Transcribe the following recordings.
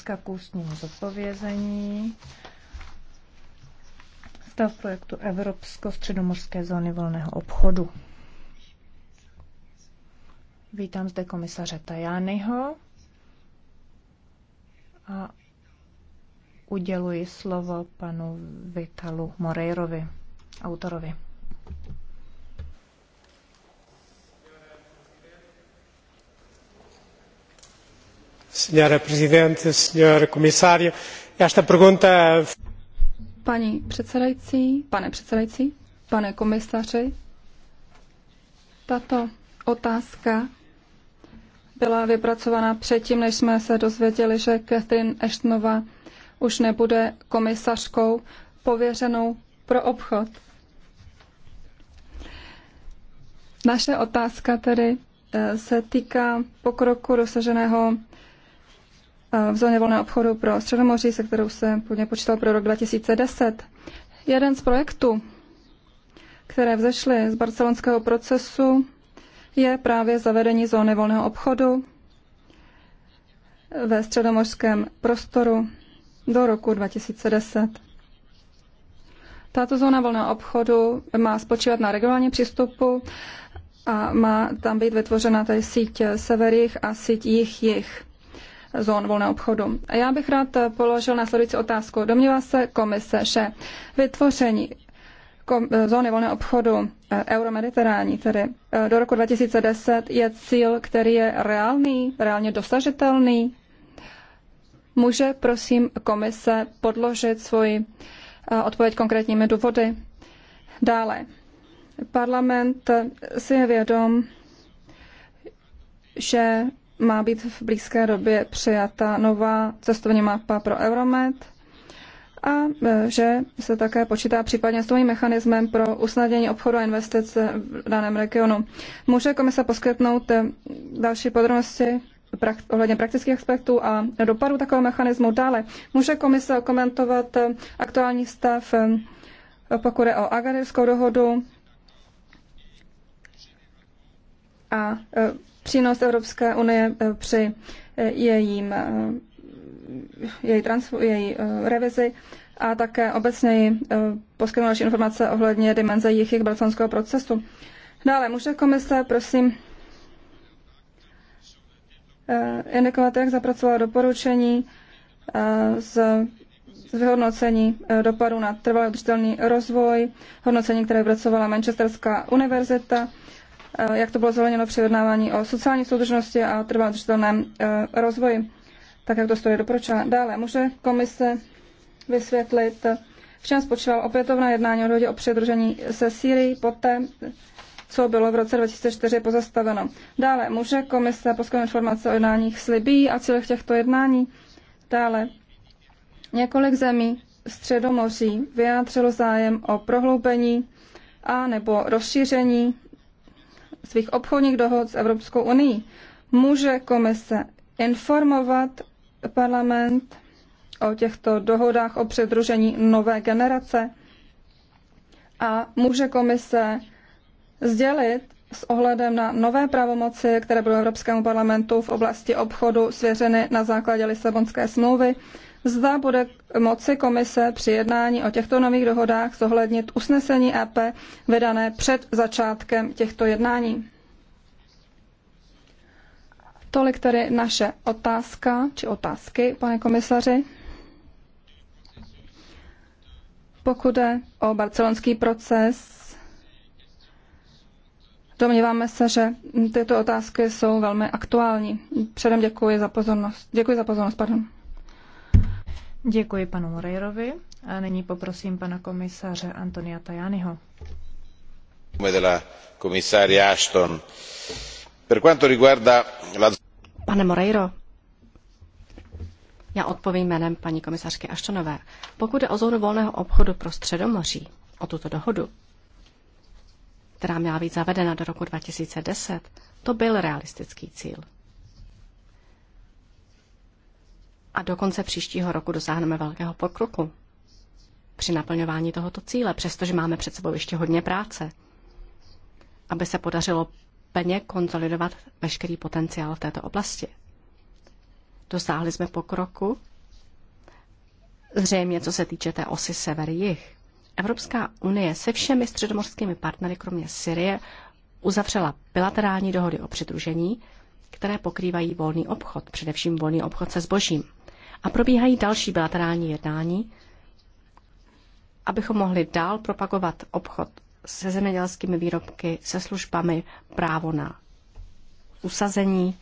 otázka k ústnímu zodpovězení. Stav projektu Evropsko-středomorské zóny volného obchodu. Vítám zde komisaře Tajányho a uděluji slovo panu Vitalu Moreirovi, autorovi. Pane Presidente, Senhor Comissário, esta pergunta... Paní předsedající, pane předsedající, pane komisaři, tato otázka byla vypracována předtím, než jsme se dozvěděli, že Catherine Ashtonová už nebude komisařkou pověřenou pro obchod. Naše otázka tedy eh, se týká pokroku dosaženého v zóně volného obchodu pro Středomoří, se kterou se původně počítal pro rok 2010. Jeden z projektů, které vzešly z barcelonského procesu, je právě zavedení zóny volného obchodu ve středomořském prostoru do roku 2010. Tato zóna volného obchodu má spočívat na regionálním přístupu a má tam být vytvořena tady síť severých a síť jich jich zón volného obchodu. A já bych rád položil následující otázku. Domnívá se komise, že vytvoření zóny volného obchodu eh, euromediterální, tedy eh, do roku 2010, je cíl, který je reálný, reálně dosažitelný. Může, prosím, komise podložit svoji eh, odpověď konkrétními důvody? Dále. Parlament si je vědom, že má být v blízké době přijata nová cestovní mapa pro Euromed a e, že se také počítá případně s tím mechanismem pro usnadnění obchodu a investic v daném regionu. Může komise poskytnout e, další podrobnosti ohledně praktických aspektů a dopadů takového mechanismu. Dále může komise komentovat e, aktuální stav, pokud je o agarivskou dohodu a přínos Evropské unie eh, při eh, jejím, eh, její, transfer, její revizi a také obecně poskytnout další informace ohledně dimenze jejich balcánského procesu. Dále může komise, prosím, indikovat, jak zapracovala doporučení z vyhodnocení dopadu na trvalý udržitelný rozvoj, hodnocení, které vypracovala Manchesterská univerzita, Eh, jak to bylo zeleněno při jednávání o sociální soudržnosti a trvalém držitelném eh, rozvoji, tak jak to stojí doporučené. Dále může komise vysvětlit, v čem spočíval opětovné jednání o dohodě o předružení se Sýrií poté, co bylo v roce 2004 pozastaveno. Dále může komise poskytnout informace o jednáních s Libí a cílech těchto jednání. Dále několik zemí Středomoří vyjádřilo zájem o prohloubení a nebo rozšíření svých obchodních dohod s Evropskou unii. Může komise informovat parlament o těchto dohodách o předružení nové generace a může komise sdělit s ohledem na nové pravomoci, které byly Evropskému parlamentu v oblasti obchodu svěřeny na základě Lisabonské smlouvy, zda bude moci komise při jednání o těchto nových dohodách zohlednit usnesení EP vydané před začátkem těchto jednání. Tolik tedy naše otázka či otázky, pane komisaři. Pokud jde o barcelonský proces, domníváme se, že tyto otázky jsou velmi aktuální. Předem děkuji za pozornost. Děkuji za pozornost, pardon. Děkuji panu Moreirovi a nyní poprosím pana komisaře Antonia Tajaniho. Pane Moreiro, já odpovím jménem paní komisařky Aštonové. Pokud je o zónu volného obchodu pro Středomoří, o tuto dohodu, která měla být zavedena do roku 2010, to byl realistický cíl. a do konce příštího roku dosáhneme velkého pokroku při naplňování tohoto cíle, přestože máme před sebou ještě hodně práce, aby se podařilo plně konsolidovat veškerý potenciál v této oblasti. Dosáhli jsme pokroku, zřejmě co se týče té osy sever-jih. Evropská unie se všemi středomorskými partnery, kromě Syrie, uzavřela bilaterální dohody o přidružení, které pokrývají volný obchod, především volný obchod se zbožím. A probíhají další bilaterální jednání, abychom mohli dál propagovat obchod se zemědělskými výrobky, se službami, právo na usazení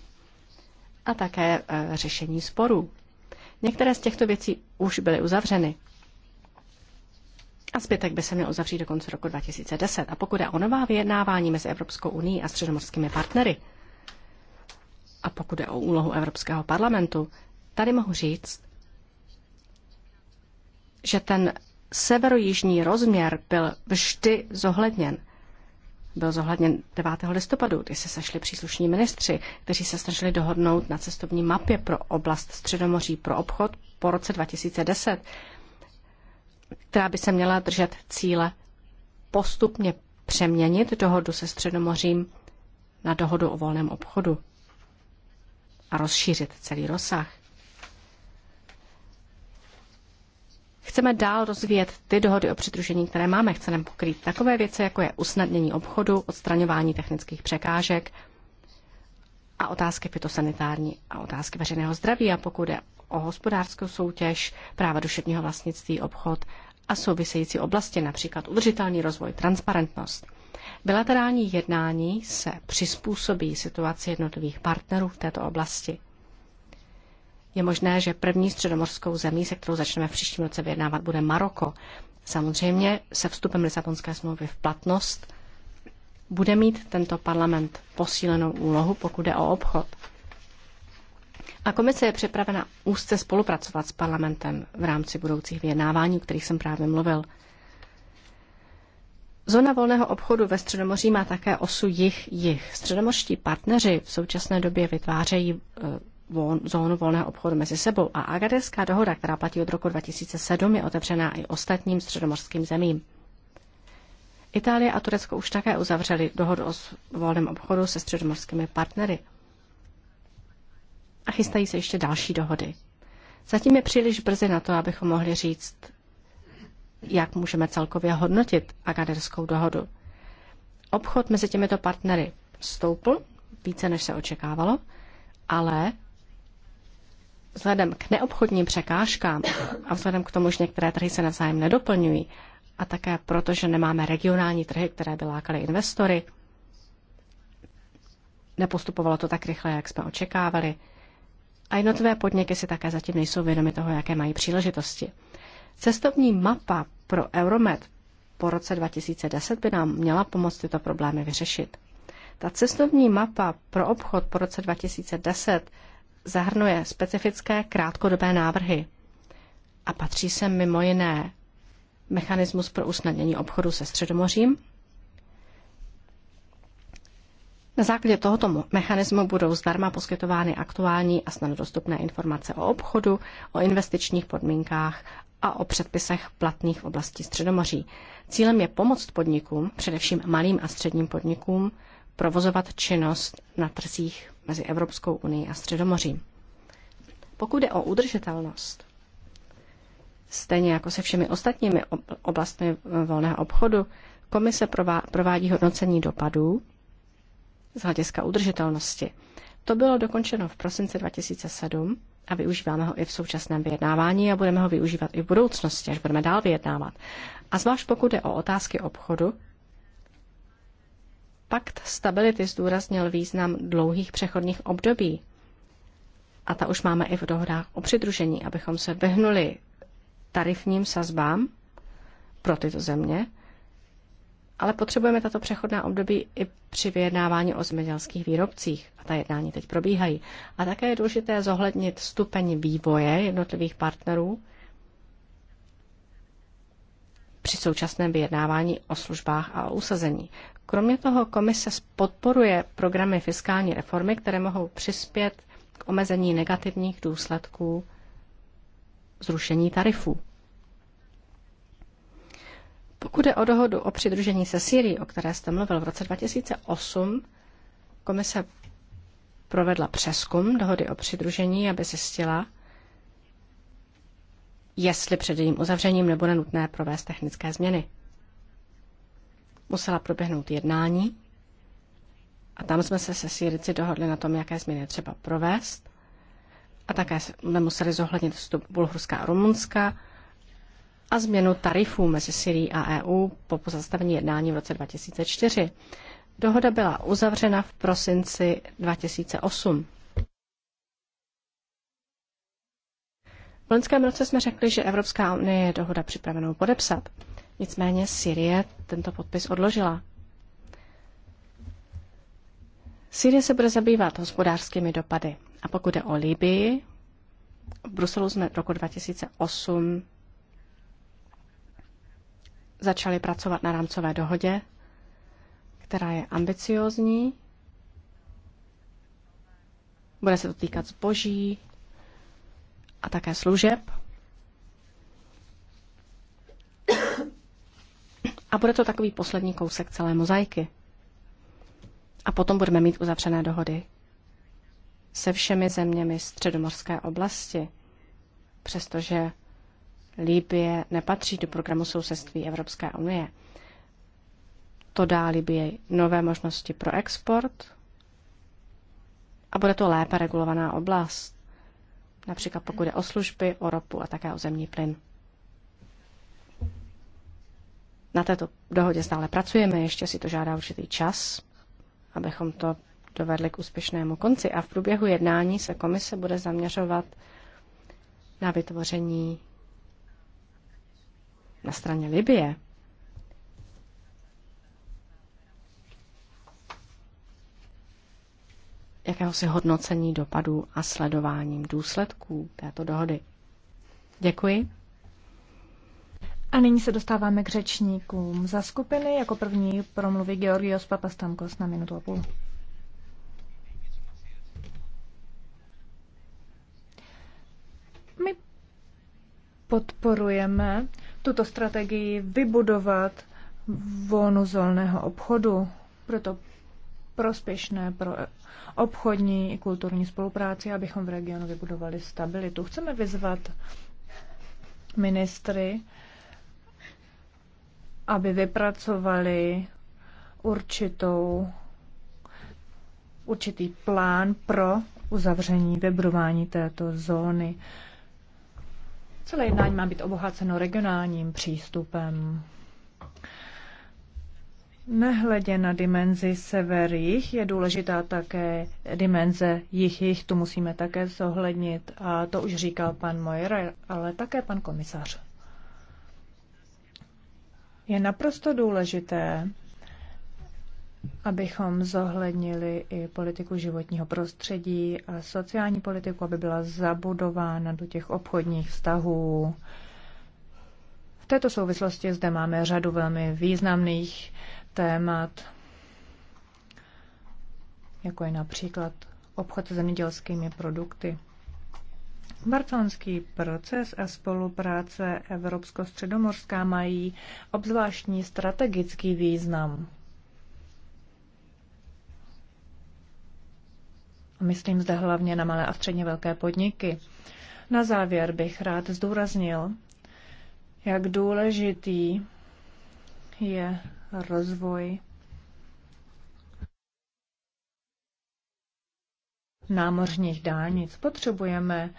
a také e, řešení sporů. Některé z těchto věcí už byly uzavřeny. A zbytek by se měl uzavřít do konce roku 2010. A pokud je o nová vyjednávání mezi Evropskou unii a středomorskými partnery, a pokud je o úlohu Evropského parlamentu, Tady mohu říct, že ten severojižní rozměr byl vždy zohledněn. Byl zohledněn 9. listopadu, kdy se sešli příslušní ministři, kteří se snažili dohodnout na cestovní mapě pro oblast Středomoří pro obchod po roce 2010, která by se měla držet cíle postupně přeměnit dohodu se Středomořím na dohodu o volném obchodu a rozšířit celý rozsah. Chceme dál rozvíjet ty dohody o přidružení, které máme. Chceme pokrýt takové věci, jako je usnadnění obchodu, odstraňování technických překážek a otázky fitosanitární a otázky veřejného zdraví. A pokud je o hospodářskou soutěž, práva duševního vlastnictví, obchod a související oblasti, například udržitelný rozvoj, transparentnost. Bilaterální jednání se přizpůsobí situaci jednotlivých partnerů v této oblasti. Je možné, že první středomorskou zemí, se kterou začneme v příštím roce vyjednávat, bude Maroko. Samozřejmě se vstupem Lisabonské smlouvy v platnost bude mít tento parlament posílenou úlohu, pokud jde o obchod. A komise je připravena úzce spolupracovat s parlamentem v rámci budoucích vyjednávání, o kterých jsem právě mluvil. Zóna volného obchodu ve Středomoří má také osu jich-jich. Středomořští partneři v současné době vytvářejí eh, von, zónu volného obchodu mezi sebou a Agadeská dohoda, která platí od roku 2007, je otevřená i ostatním středomorským zemím. Itálie a Turecko už také uzavřeli dohodu o volném obchodu se středomorskými partnery. A chystají se ještě další dohody. Zatím je příliš brzy na to, abychom mohli říct, jak můžeme celkově hodnotit Agaderskou dohodu. Obchod mezi těmito partnery stoupl více, než se očekávalo, ale vzhledem k neobchodním překážkám a vzhledem k tomu, že některé trhy se navzájem nedoplňují, a také proto, že nemáme regionální trhy, které by lákaly investory, nepostupovalo to tak rychle, jak jsme očekávali, a jednotlivé podniky si také zatím nejsou vědomi toho, jaké mají příležitosti. Cestovní mapa pro Euromed po roce 2010 by nám měla pomoct tyto problémy vyřešit. Ta cestovní mapa pro obchod po roce 2010 zahrnuje specifické krátkodobé návrhy a patří se mimo jiné mechanismus pro usnadnění obchodu se Středomořím. Na základě tohoto mechanismu budou zdarma poskytovány aktuální a snadno dostupné informace o obchodu, o investičních podmínkách a o předpisech platných v oblasti Středomoří. Cílem je pomoct podnikům, především malým a středním podnikům, provozovat činnost na trzích mezi Evropskou unii a Středomořím. Pokud je o udržitelnost, stejně jako se všemi ostatními oblastmi volného obchodu, komise provádí hodnocení dopadů z hlediska udržitelnosti. To bylo dokončeno v prosinci 2007 a využíváme ho i v současném vyjednávání a budeme ho využívat i v budoucnosti, až budeme dál vyjednávat. A zvlášť pokud jde o otázky obchodu, Pakt stability zdůraznil význam dlouhých přechodných období. A ta už máme i v dohodách o přidružení, abychom se vyhnuli tarifním sazbám pro tyto země, ale potřebujeme tato přechodná období i při vyjednávání o zemědělských výrobcích. A ta jednání teď probíhají. A také je důležité zohlednit stupeň vývoje jednotlivých partnerů při současném vyjednávání o službách a o usazení. Kromě toho komise podporuje programy fiskální reformy, které mohou přispět k omezení negativních důsledků zrušení tarifů. Pokud je o dohodu o přidružení se Syrií, o které jste mluvil v roce 2008, komise provedla přeskum dohody o přidružení, aby zjistila, jestli před jejím uzavřením nebude nutné provést technické změny musela proběhnout jednání a tam jsme se se Sýrici dohodli na tom, jaké změny třeba provést. A také jsme museli zohlednit vstup Bulharska a Rumunska a změnu tarifů mezi Syrií a EU po pozastavení jednání v roce 2004. Dohoda byla uzavřena v prosinci 2008. V loňském roce jsme řekli, že Evropská unie je dohoda připravenou podepsat. Nicméně Syrie tento podpis odložila. Syrie se bude zabývat hospodářskými dopady. A pokud jde o Libii, v Bruselu jsme v roku 2008 začali pracovat na rámcové dohodě, která je ambiciózní. Bude se to týkat zboží a také služeb. a bude to takový poslední kousek celé mozaiky. A potom budeme mít uzavřené dohody se všemi zeměmi středomorské oblasti, přestože Líbie nepatří do programu sousedství Evropské unie. To dá Libii nové možnosti pro export a bude to lépe regulovaná oblast, například pokud je o služby, o ropu a také o zemní plyn. Na této dohodě stále pracujeme, ještě si to žádá určitý čas, abychom to dovedli k úspěšnému konci. A v průběhu jednání se komise bude zaměřovat na vytvoření na straně Libie jakéhosi hodnocení dopadů a sledováním důsledků této dohody. Děkuji. A nyní se dostáváme k řečníkům. Za skupiny jako první promluví Georgios Papastamkos na minutu a půl. My podporujeme tuto strategii vybudovat volnu zolného obchodu, proto prospěšné pro obchodní i kulturní spolupráci, abychom v regionu vybudovali stabilitu. Chceme vyzvat ministry, aby vypracovali určitou, určitý plán pro uzavření, vybrování této zóny. Celé jednání má být obohaceno regionálním přístupem. Nehledě na dimenzi sever jich je důležitá také dimenze jich jich, tu musíme také zohlednit a to už říkal pan Mojer, ale také pan komisař. Je naprosto důležité, abychom zohlednili i politiku životního prostředí a sociální politiku, aby byla zabudována do těch obchodních vztahů. V této souvislosti zde máme řadu velmi významných témat, jako je například obchod s zemědělskými produkty. Barcelonský proces a spolupráce Evropsko-středomorská mají obzvláštní strategický význam. Myslím zde hlavně na malé a středně velké podniky. Na závěr bych rád zdůraznil, jak důležitý je rozvoj námořních dálnic. Potřebujeme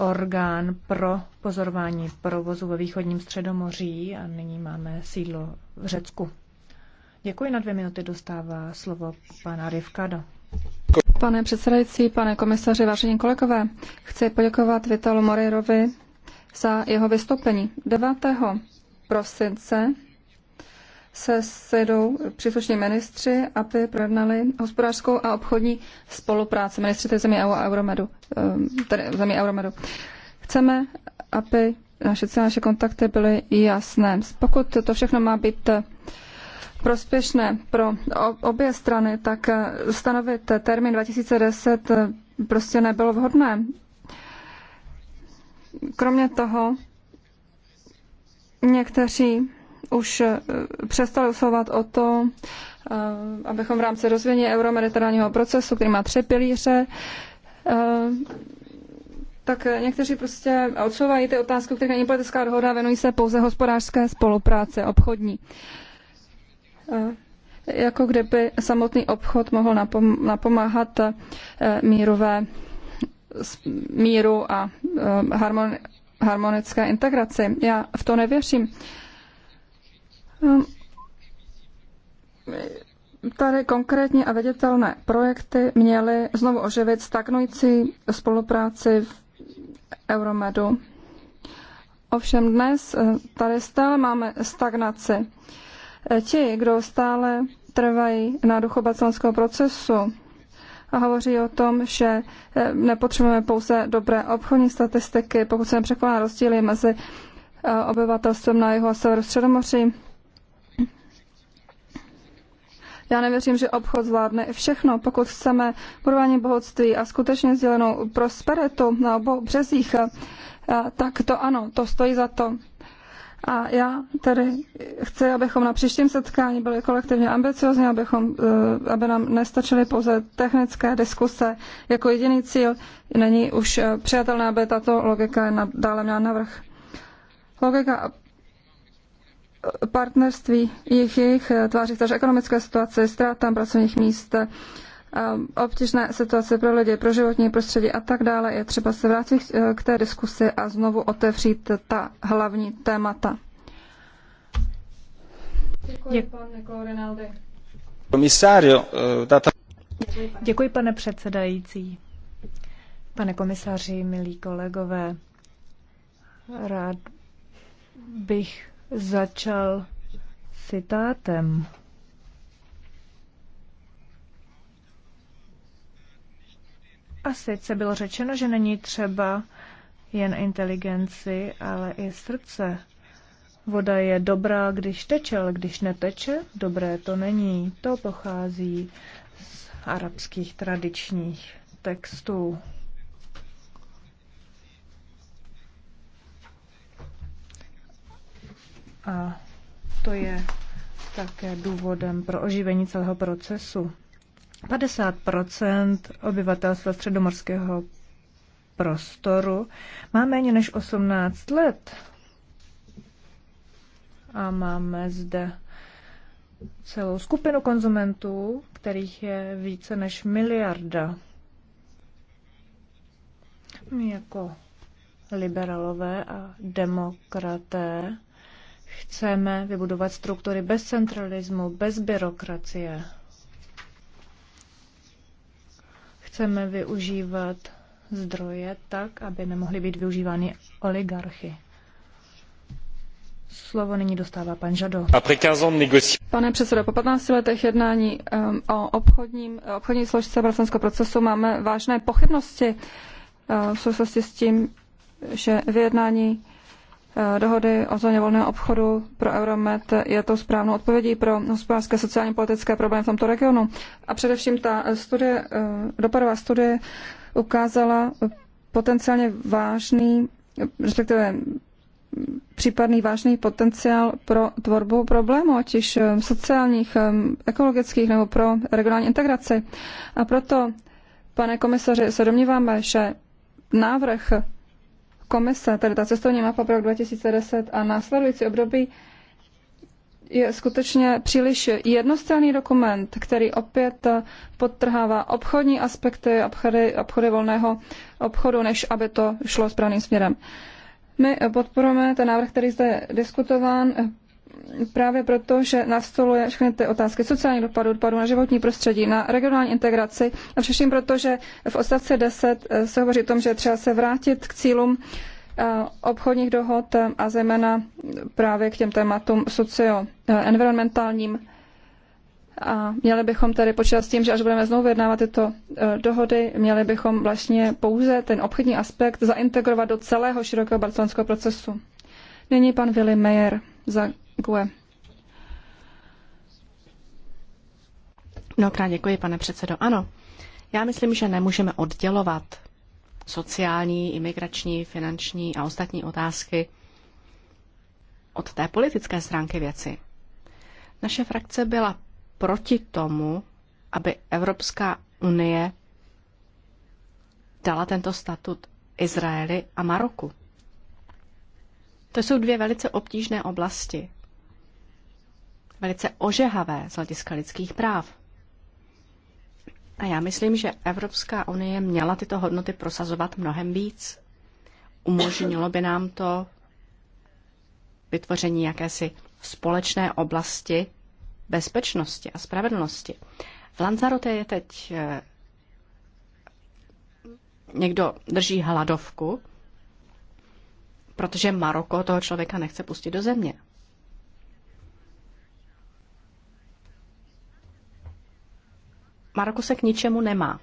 orgán pro pozorování provozu ve východním středomoří a nyní máme sídlo v Řecku. Děkuji, na dvě minuty dostává slovo pana Rivkado. Pane předsedající, pane komisaři, vážení kolegové, chci poděkovat Vitalu Morirovi za jeho vystoupení. 9. prosince se sedou příslušní ministři, aby projednali hospodářskou a obchodní spolupráci. Ministři té země EU a Euromedu. Ehm, tedy země Euromedu. Chceme, aby naše, naše kontakty byly jasné. Pokud to všechno má být prospěšné pro obě strany, tak eh, stanovit termín 2010 eh, prostě nebylo vhodné. Kromě toho, někteří už eh, přestali usilovat o to, eh, abychom v rámci rozvíjení euromediterálního procesu, který má tři pilíře, eh, tak někteří prostě odsouvají ty otázky, které není politická dohoda, věnují se pouze hospodářské spolupráce, obchodní. Jako kdyby samotný obchod mohl napomáhat mírové míru a harmonické integraci. Já v to nevěřím. Ehm, tady konkrétní a viditelné projekty měly znovu oživit stagnující spolupráci v Euromedu. Ovšem dnes eh, tady stále máme stagnaci. Eh, ti, kdo stále trvají na duchobacelského procesu a hovoří o tom, že eh, nepotřebujeme pouze dobré obchodní statistiky, pokud se nepřekoná rozdíly mezi obyvatelstvem na jihu a severu Středomoří, já nevěřím, že obchod zvládne všechno. Pokud chceme budování bohatství a skutečně sdělenou prosperitu na obou březích, eh, tak to ano, to stojí za to. A já tedy chci, abychom na příštím setkání byli kolektivně ambiciozní, abychom, eh, aby nám nestačily pouze technické diskuse jako jediný cíl. Není už eh, přijatelné, aby tato logika je dále měla navrh. Logika partnerství jejich jejich eh, tváří takže ekonomické situace, ztrátám pracovních míst, eh, obtížné situace pro lidi, pro životní prostředí a tak dále, je třeba se vrátit eh, k té diskusi a znovu otevřít ta hlavní témata. Děkuji, pane Děkuji, pane předsedající. Pane komisáři, milí kolegové, rád bych začal citátem. A sice bylo řečeno, že není třeba jen inteligenci, ale i srdce. Voda je dobrá, když teče, ale když neteče, dobré to není. To pochází z arabských tradičních textů. A to je také důvodem pro oživení celého procesu. 50 obyvatelstva středomorského prostoru má méně než 18 let. A máme zde celou skupinu konzumentů, kterých je více než miliarda. My jako liberalové a demokraté Chceme vybudovat struktury bez centralismu, bez byrokracie. Chceme využívat zdroje tak, aby nemohly být využívány oligarchy. Slovo nyní dostává pan Žado. Pane předsedo, po 15 letech jednání um, o obchodním, obchodní složce barcelonského procesu máme vážné pochybnosti uh, v souvislosti s tím, že vyjednání Eh, dohody o zóně volného obchodu pro Euromed je tou správnou odpovědí pro hospodářské, sociálně politické problémy v tomto regionu. A především ta eh, studie, eh, dopadová studie ukázala potenciálně vážný, respektive mm, případný vážný potenciál pro tvorbu problémů, ať již sociálních, ekologických nebo pro regionální integraci. A proto, pane komisaři, se domníváme, že návrh komise, tedy ta cestovní mapa pro rok 2010 a následující období, je skutečně příliš jednostranný dokument, který opět podtrhává obchodní aspekty obchody, obchody volného obchodu, než aby to šlo správným směrem. My podporujeme ten návrh, který zde je diskutován, právě proto, že nastoluje všechny ty otázky sociálních dopadů, dopadů na životní prostředí, na regionální integraci a především proto, že v odstavci 10 eh, se hovoří o tom, že třeba se vrátit k cílům eh, obchodních dohod eh, a zejména právě k těm tématům socio-environmentálním. A měli bychom tedy počítat s tím, že až budeme znovu vyjednávat tyto dohody, měli bychom vlastně pouze ten obchodní aspekt zaintegrovat do celého širokého barcelonského procesu. Nyní pan Willy Meyer za Děkuji. Mnohokrát děkuji, pane předsedo. Ano, já myslím, že nemůžeme oddělovat sociální, imigrační, finanční a ostatní otázky od té politické stránky věci. Naše frakce byla proti tomu, aby Evropská unie dala tento statut Izraeli a Maroku. To jsou dvě velice obtížné oblasti velice ožehavé z hlediska lidských práv. A já myslím, že Evropská unie měla tyto hodnoty prosazovat mnohem víc. Umožnilo by nám to vytvoření jakési společné oblasti bezpečnosti a spravedlnosti. V Lanzarote je teď eh, někdo drží hladovku, protože Maroko toho člověka nechce pustit do země. Maroko se k ničemu nemá.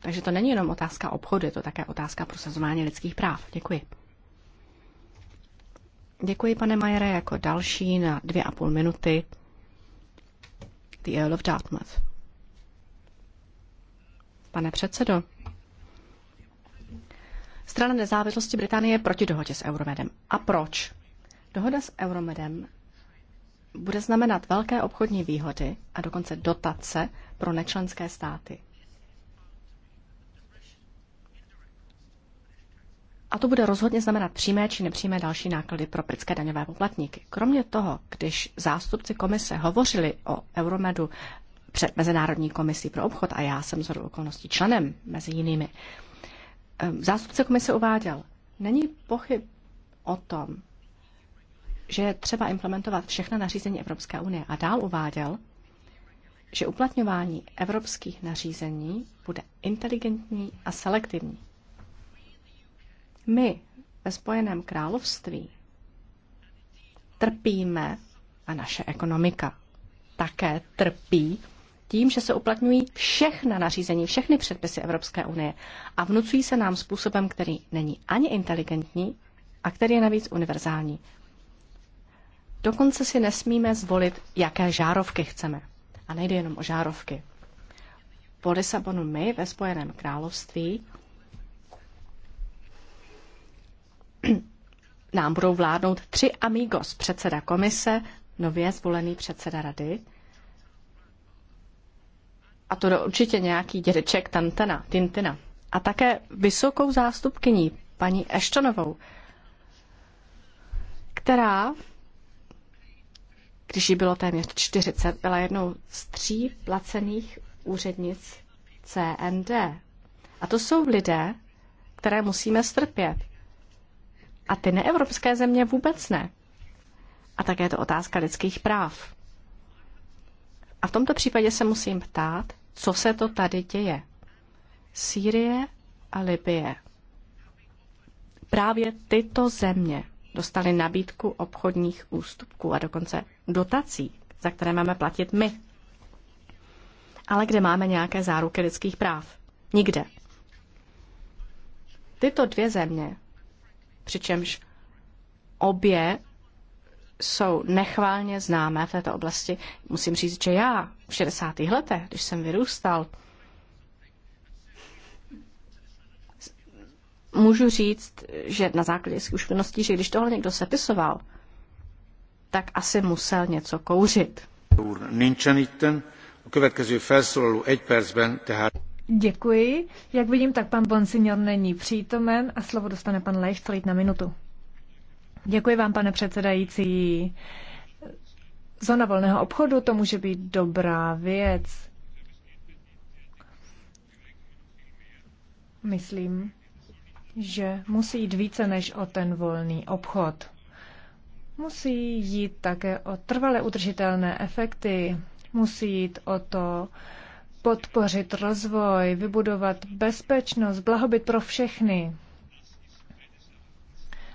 Takže to není jenom otázka obchodu, je to také otázka prosazování lidských práv. Děkuji. Děkuji, pane Majere, jako další na dvě a půl minuty. The Earl of Dartmouth. Pane předsedo, strana nezávislosti Británie je proti dohodě s Euromedem. A proč? Dohoda s Euromedem bude znamenat velké obchodní výhody a dokonce dotace pro nečlenské státy. A to bude rozhodně znamenat přímé či nepřímé další náklady pro britské daňové poplatníky. Kromě toho, když zástupci komise hovořili o Euromedu před Mezinárodní komisí pro obchod, a já jsem zhodu okolností členem mezi jinými, ehm, zástupce komise uváděl, není pochyb o tom, že je třeba implementovat všechna nařízení Evropské unie a dál uváděl, že uplatňování evropských nařízení bude inteligentní a selektivní. My ve Spojeném království trpíme a naše ekonomika také trpí tím, že se uplatňují všechna nařízení, všechny předpisy Evropské unie a vnucují se nám způsobem, který není ani inteligentní a který je navíc univerzální. Dokonce si nesmíme zvolit, jaké žárovky chceme. A nejde jenom o žárovky. Po Lisabonu my ve Spojeném království nám budou vládnout tři amigos, předseda komise, nově zvolený předseda rady. A to je určitě nějaký dědeček Tantena, Tintina. A také vysokou zástupkyní, paní Eštonovou, která když jí bylo téměř 40, byla jednou z tří placených úřednic CND. A to jsou lidé, které musíme strpět. A ty neevropské země vůbec ne. A také je to otázka lidských práv. A v tomto případě se musím ptát, co se to tady děje. Sýrie a Libie. Právě tyto země dostali nabídku obchodních ústupků a dokonce dotací, za které máme platit my. Ale kde máme nějaké záruky lidských práv? Nikde. Tyto dvě země, přičemž obě jsou nechválně známé v této oblasti. Musím říct, že já v 60. letech, když jsem vyrůstal, můžu říct, že na základě zkušeností, že když tohle někdo sepisoval, tak asi musel něco kouřit. Děkuji. Jak vidím, tak pan Bonsignor není přítomen a slovo dostane pan Leichtfried na minutu. Děkuji vám, pane předsedající. Zóna volného obchodu to může být dobrá věc. Myslím, že musí jít více než o ten volný obchod. Musí jít také o trvale udržitelné efekty, musí jít o to podpořit rozvoj, vybudovat bezpečnost, blahobyt pro všechny.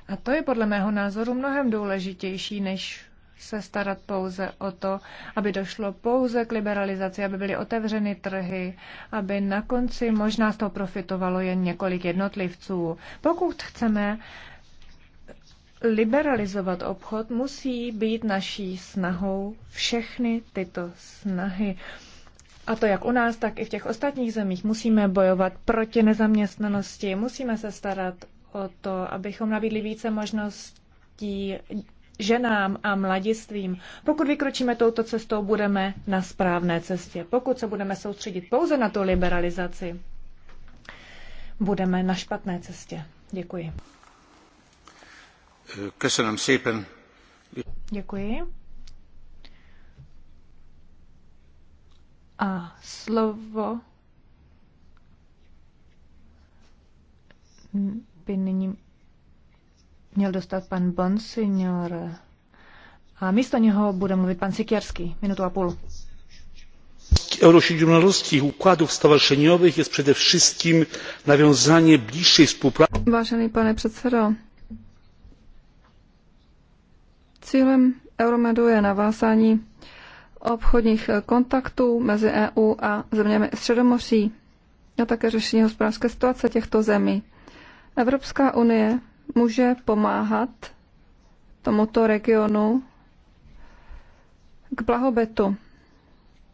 A to je podle mého názoru mnohem důležitější než se starat pouze o to, aby došlo pouze k liberalizaci, aby byly otevřeny trhy, aby na konci možná z toho profitovalo jen několik jednotlivců. Pokud chceme liberalizovat obchod, musí být naší snahou všechny tyto snahy. A to jak u nás, tak i v těch ostatních zemích. Musíme bojovat proti nezaměstnanosti, musíme se starat o to, abychom nabídli více možností ženám a mladistvím. Pokud vykročíme touto cestou, budeme na správné cestě. Pokud se budeme soustředit pouze na tu liberalizaci, budeme na špatné cestě. Děkuji. Děkuji. A slovo by nyní měl dostat pan Bonsignor. A místo něho bude mluvit pan Sikierski. Minutu a půl. na układów stowarzyszeniowych jest przede wszystkim nawiązanie bliższej współpracy. Vážený pane předsedo, cílem Euromedu je navázání obchodních kontaktů mezi EU a zeměmi Středomoří a také řešení hospodářské situace těchto zemí. Evropská unie může pomáhat tomuto regionu k blahobytu,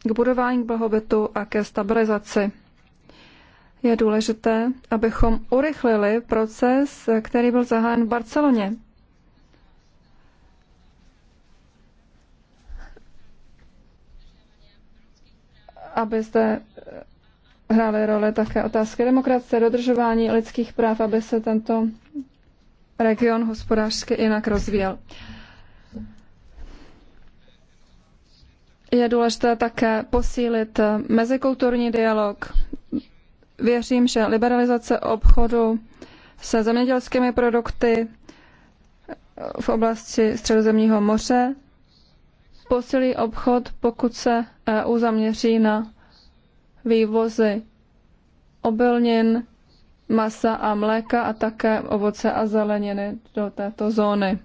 k budování blahobytu a ke stabilizaci. Je důležité, abychom urychlili proces, který byl zahájen v Barceloně. Aby zde hrály roli také otázky demokracie, dodržování lidských práv, aby se tento region hospodářsky jinak rozvíjel. Je důležité také posílit mezikulturní dialog. Věřím, že liberalizace obchodu se zemědělskými produkty v oblasti Středozemního moře posilí obchod, pokud se EU zaměří na vývozy obilnin, masa a mléka a také ovoce a zeleniny do této zóny.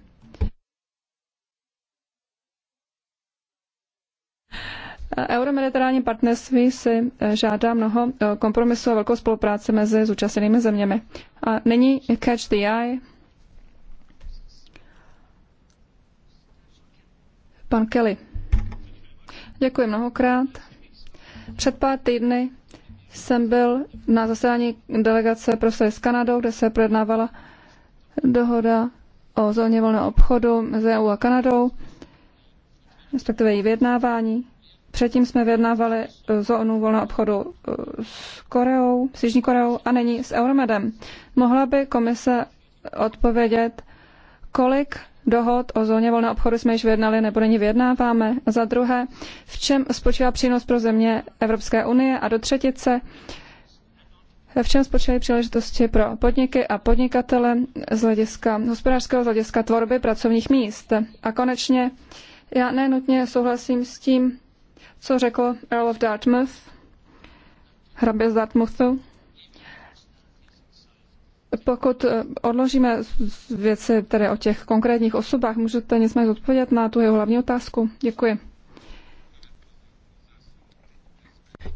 Euromediterální partnerství si eh, žádá mnoho eh, kompromisů a velkou spolupráci mezi zúčastněnými zeměmi. A nyní Catch the Eye. Pan Kelly. Děkuji mnohokrát. Před pár týdny jsem byl na zasedání delegace pro s Kanadou, kde se projednávala dohoda o zóně volného obchodu mezi EU a Kanadou, respektive její vyjednávání. Předtím jsme vyjednávali eh, zónu volného obchodu eh, s Koreou, s Jižní Koreou a nyní s Euromedem. Mohla by komise odpovědět, kolik dohod o zóně volného obchodu jsme již vyjednali nebo není vyjednáváme. Za druhé, v čem spočívá přínos pro země Evropské unie a do třetice, v čem spočívají příležitosti pro podniky a podnikatele z hlediska hospodářského, z hlediska tvorby pracovních míst. A konečně, já nenutně souhlasím s tím, co řekl Earl of Dartmouth, hrabě z Dartmouthu, pokud eh, odložíme věci tedy o těch konkrétních osobách, můžete nicméně odpovědět na tu jeho hlavní otázku? Děkuji.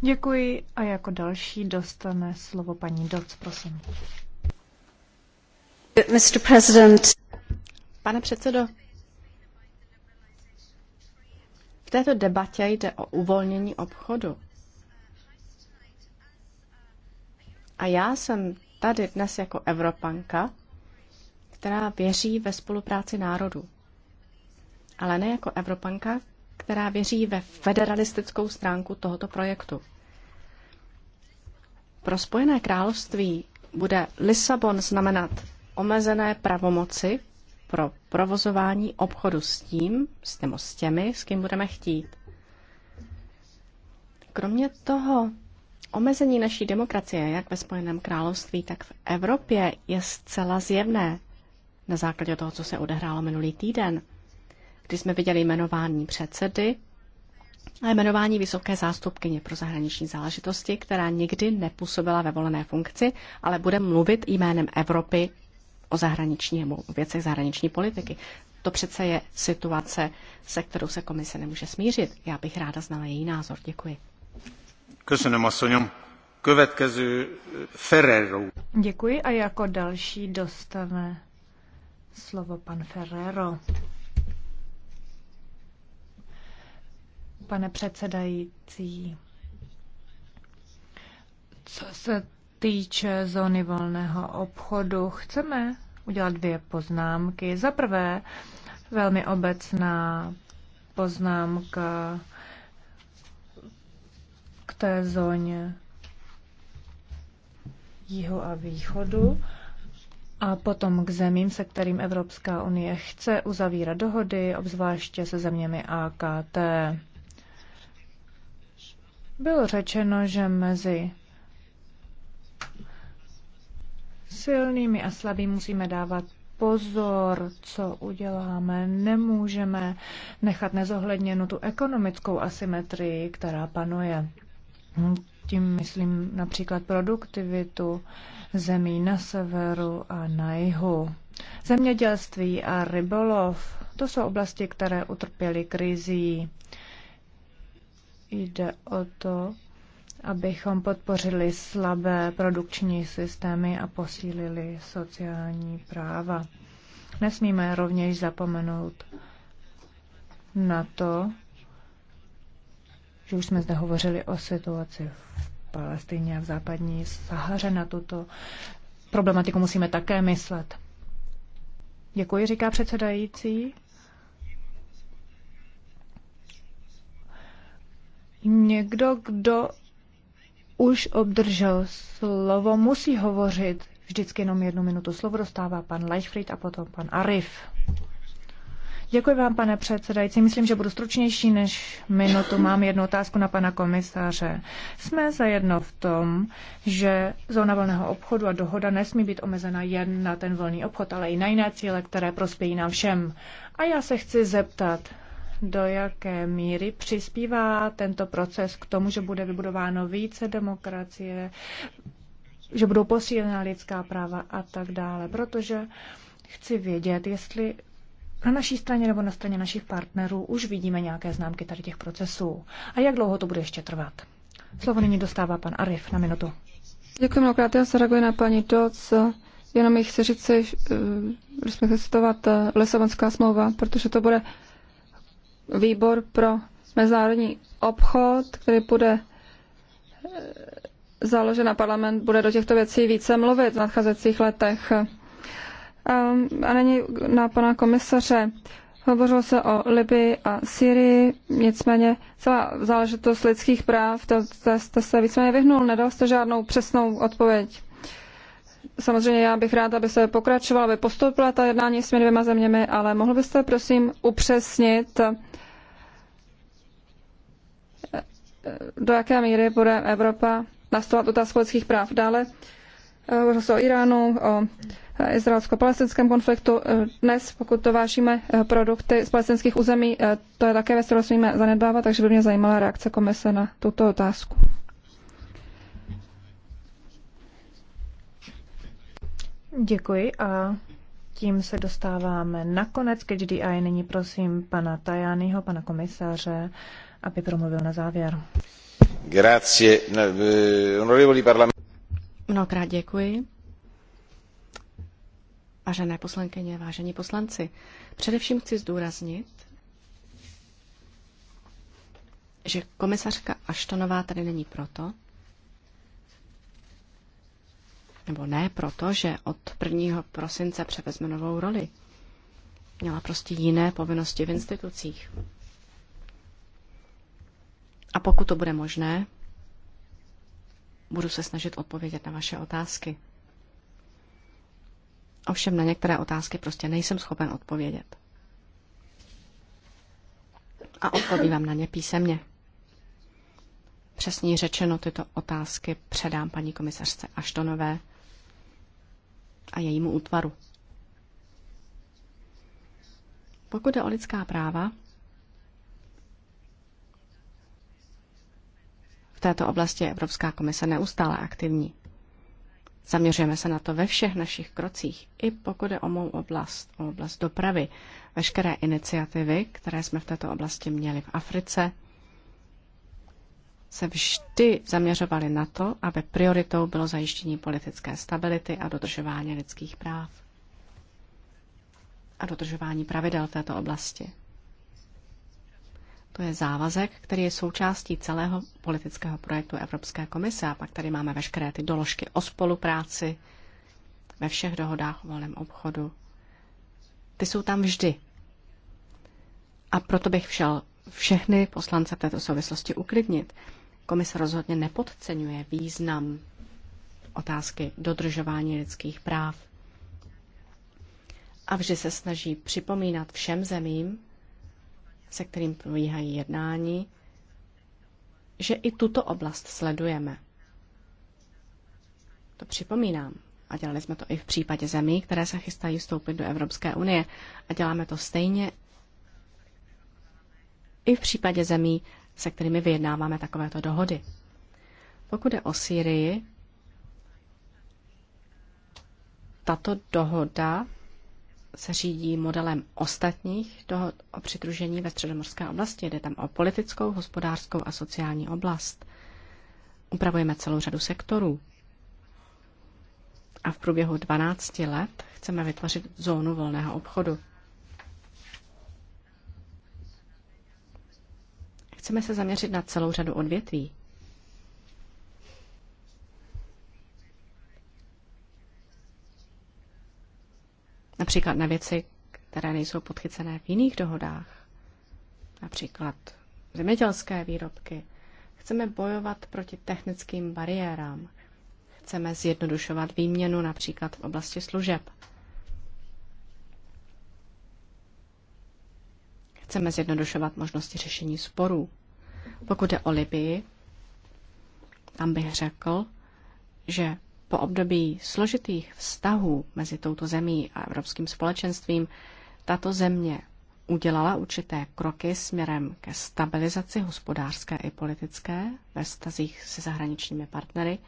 Děkuji a jako další dostane slovo paní Doc, prosím. Mr. President. Pane předsedo, v této debatě jde o uvolnění obchodu. A já jsem tady dnes jako Evropanka, která věří ve spolupráci národů. Ale ne jako Evropanka, která věří ve federalistickou stránku tohoto projektu. Pro Spojené království bude Lisabon znamenat omezené pravomoci pro provozování obchodu s tím, s, nebo s těmi, s kým budeme chtít. Kromě toho Omezení naší demokracie, jak ve Spojeném království, tak v Evropě, je zcela zjevné na základě toho, co se odehrálo minulý týden, kdy jsme viděli jmenování předsedy a jmenování vysoké zástupkyně pro zahraniční záležitosti, která nikdy nepůsobila ve volené funkci, ale bude mluvit jménem Evropy o zahraničnímu, o věcech zahraniční politiky. To přece je situace, se kterou se komise nemůže smířit. Já bych ráda znala její názor. Děkuji. Děkuji a jako další dostane slovo pan Ferrero. Pane předsedající, co se týče zóny volného obchodu, chceme udělat dvě poznámky. Za prvé, velmi obecná poznámka té zóně jihu a východu a potom k zemím, se kterým Evropská unie chce uzavírat dohody, obzvláště se zeměmi AKT. Bylo řečeno, že mezi silnými a slabými musíme dávat pozor, co uděláme. Nemůžeme nechat nezohledněnu tu ekonomickou asymetrii, která panuje. Hm, tím myslím například produktivitu zemí na severu a na jihu. Zemědělství a rybolov, to jsou oblasti, které utrpěly krizí. Jde o to, abychom podpořili slabé produkční systémy a posílili sociální práva. Nesmíme rovněž zapomenout na to, že už jsme zde hovořili o situaci v Palestině a v západní Sahaře na tuto problematiku musíme také myslet. Děkuji, říká předsedající. Někdo, kdo už obdržel slovo, musí hovořit vždycky jenom jednu minutu. Slovo dostává pan Leichfried a potom pan Arif. Děkuji vám, pane předsedající. Myslím, že budu stručnější než minutu. Mám jednu otázku na pana komisaře. Jsme zajedno v tom, že zóna volného obchodu a dohoda nesmí být omezena jen na ten volný obchod, ale i na jiné cíle, které prospějí nám všem. A já se chci zeptat, do jaké míry přispívá tento proces k tomu, že bude vybudováno více demokracie, že budou posílena lidská práva a tak dále. Protože chci vědět, jestli na naší straně nebo na straně našich partnerů už vidíme nějaké známky tady těch procesů. A jak dlouho to bude ještě trvat? Slovo nyní dostává pan Arif na minutu. Děkuji mnohokrát, já se reaguji na paní Doc. Jenom jich chci říct, že eh, jsme citovat eh, Lisabonská smlouva, protože to bude výbor pro mezinárodní obchod, který bude eh, založen na parlament, bude do těchto věcí více mluvit v nadcházejících letech. Ehm, a není na pana komisaře. Hovořilo se o Libii a Syrii, nicméně celá záležitost lidských práv, to, jste se víceméně vyhnul, nedal jste žádnou přesnou odpověď. Samozřejmě já bych rád, aby se pokračovala, aby postoupila ta jednání s těmi dvěma zeměmi, ale mohl byste prosím upřesnit, eh, do jaké míry bude Evropa nastolovat otázku lidských práv. Dále eh, hovořilo se o Iránu, o izraelsko-palestinském konfliktu. Eh, dnes, pokud to vážíme eh, produkty z palestinských území, eh, to je také věc, kterou smíme zanedbávat, takže by mě zajímala reakce komise na tuto otázku. Děkuji a tím se dostáváme nakonec, když DI nyní prosím pana Tajányho, pana komisaře, aby promluvil na závěr. Grazie. Mnohokrát děkuji. Vážené poslankyně, vážení poslanci, především chci zdůraznit, že komisařka Aštonová tady není proto, nebo ne proto, že od 1. prosince převezme novou roli. Měla prostě jiné povinnosti v institucích. A pokud to bude možné, budu se snažit odpovědět na vaše otázky. Ovšem na některé otázky prostě nejsem schopen odpovědět. A odpovívám na ně písemně. Přesně řečeno, tyto otázky předám paní komisařce Aštonové a jejímu útvaru. Pokud je o lidská práva, v této oblasti je Evropská komise neustále aktivní. Zaměřujeme se na to ve všech našich krocích, i pokud je o mou oblast, o oblast dopravy. Veškeré iniciativy, které jsme v této oblasti měli v Africe, se vždy zaměřovaly na to, aby prioritou bylo zajištění politické stability a dodržování lidských práv a dodržování pravidel v této oblasti. To je závazek, který je součástí celého politického projektu Evropské komise. A pak tady máme veškeré ty doložky o spolupráci ve všech dohodách o volném obchodu. Ty jsou tam vždy. A proto bych všel všechny poslance v této souvislosti uklidnit. Komise rozhodně nepodceňuje význam otázky dodržování lidských práv a vždy se snaží připomínat všem zemím, se kterým probíhají jednání, že i tuto oblast sledujeme. To připomínám. A dělali jsme to i v případě zemí, které se chystají vstoupit do Evropské unie. A děláme to stejně i v případě zemí, se kterými vyjednáváme takovéto dohody. Pokud je o Sýrii, tato dohoda se řídí modelem ostatních toho o přidružení ve středomorské oblasti. Jde tam o politickou, hospodářskou a sociální oblast. Upravujeme celou řadu sektorů. A v průběhu 12 let chceme vytvořit zónu volného obchodu. Chceme se zaměřit na celou řadu odvětví. Například na věci, které nejsou podchycené v jiných dohodách. Například zemědělské výrobky. Chceme bojovat proti technickým bariérám. Chceme zjednodušovat výměnu například v oblasti služeb. Chceme zjednodušovat možnosti řešení sporů. Pokud je o Libii, tam bych řekl, že po období složitých vztahů mezi touto zemí a evropským společenstvím tato země udělala určité kroky směrem ke stabilizaci hospodářské i politické ve vztazích se zahraničními partnery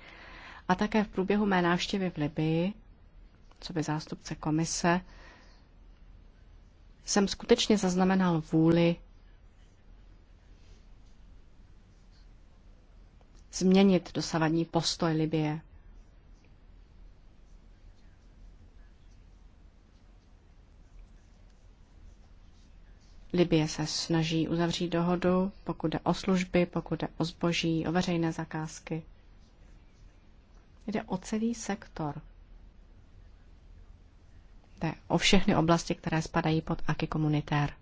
a také v průběhu mé návštěvy v Libii, co by zástupce komise, jsem skutečně zaznamenal vůli změnit dosavadní postoj Libie Libie se snaží uzavřít dohodu, pokud jde o služby, pokud jde o zboží, o veřejné zakázky. Jde o celý sektor. Jde o všechny oblasti, které spadají pod aky komunitér.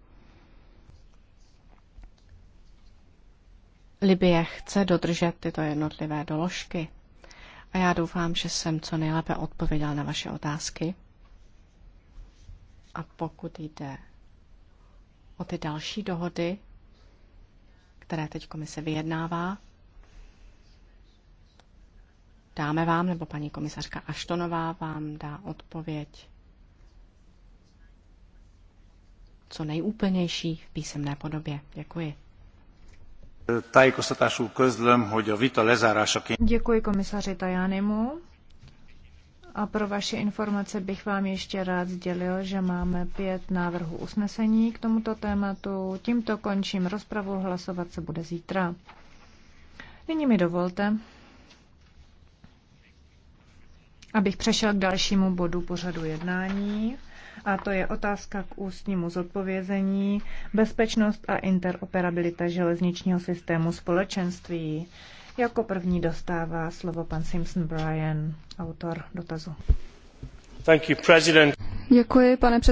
Libie chce dodržet tyto jednotlivé doložky. A já doufám, že jsem co nejlépe odpověděl na vaše otázky. A pokud jde o ty další dohody, které teď komise vyjednává. Dáme vám, nebo paní komisařka Aštonová vám dá odpověď co nejúplnější v písemné podobě. Děkuji. Děkuji komisaři Tajanimu. A pro vaše informace bych vám ještě rád sdělil, že máme pět návrhů usnesení k tomuto tématu. Tímto končím rozpravu, hlasovat se bude zítra. Nyní mi dovolte, abych přešel k dalšímu bodu pořadu jednání, a to je otázka k ústnímu zodpovězení, bezpečnost a interoperabilita železničního systému společenství. Jako první dostává slovo pan Simpson Brian, autor dotazu. Thank you, president. Děkuji, pane předsedající.